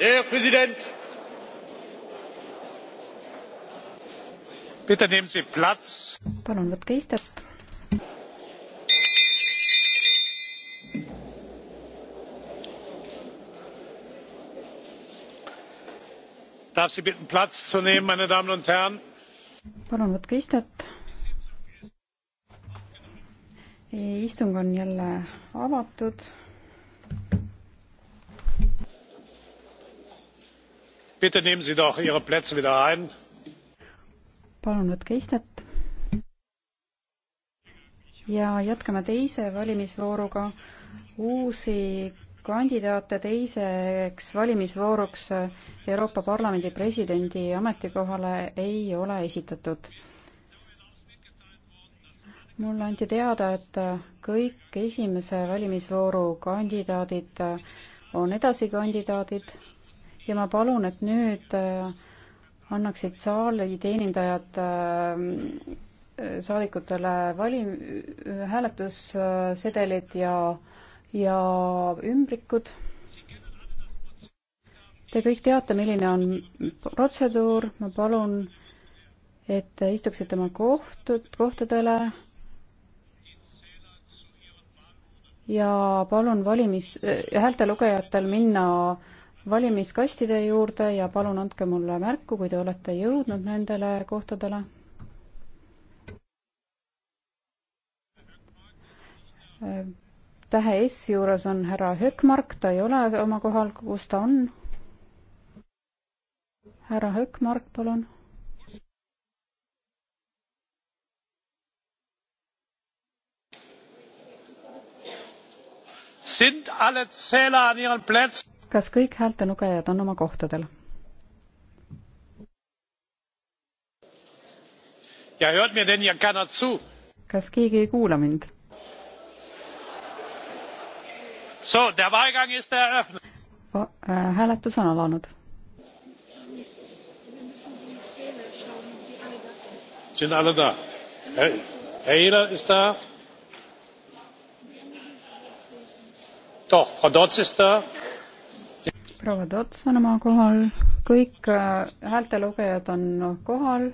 herr präsident! bitte nehmen sie platz. palun võtke istet. darf sie bitten platz zu nehmen meine damen und herren? palun võtke istet. istung on jälle avatud. bitte nehmen Sie doch Ihre Plätze wieder ein. palun võtke istet. ja jätkame teise valimisvooruga. uusi kandidaate teiseks valimisvooruks Euroopa Parlamendi presidendi ametikohale ei ole esitatud. mulle anti teada, et kõik esimese valimisvooru kandidaadid on edasi kandidaadid ja ma palun, et nüüd äh, annaksid saali teenindajad äh, saadikutele valim-, hääletussedelid ja, ja ümbrikud. Te kõik teate, milline on protseduur, ma palun, et istuksite oma kohtud, kohtadele ja palun valimis äh,, häältelugejatel minna valimiskastide juurde ja palun andke mulle märku, kui te olete jõudnud nendele kohtadele. tähe S juures on härra Hökmark, ta ei ole oma kohal, kus ta on? härra Hökmark, palun sind alle zähler an ihren plätzen? kas kõik häältelugejad on oma kohtadel? kas keegi ei kuula mind? Äh, hääletus on alanud. sind alle da? Herr Ehler ist da. Doch, Frau Dodds ist da proua Tots on oma kohal, kõik äh, häältelugejad on kohal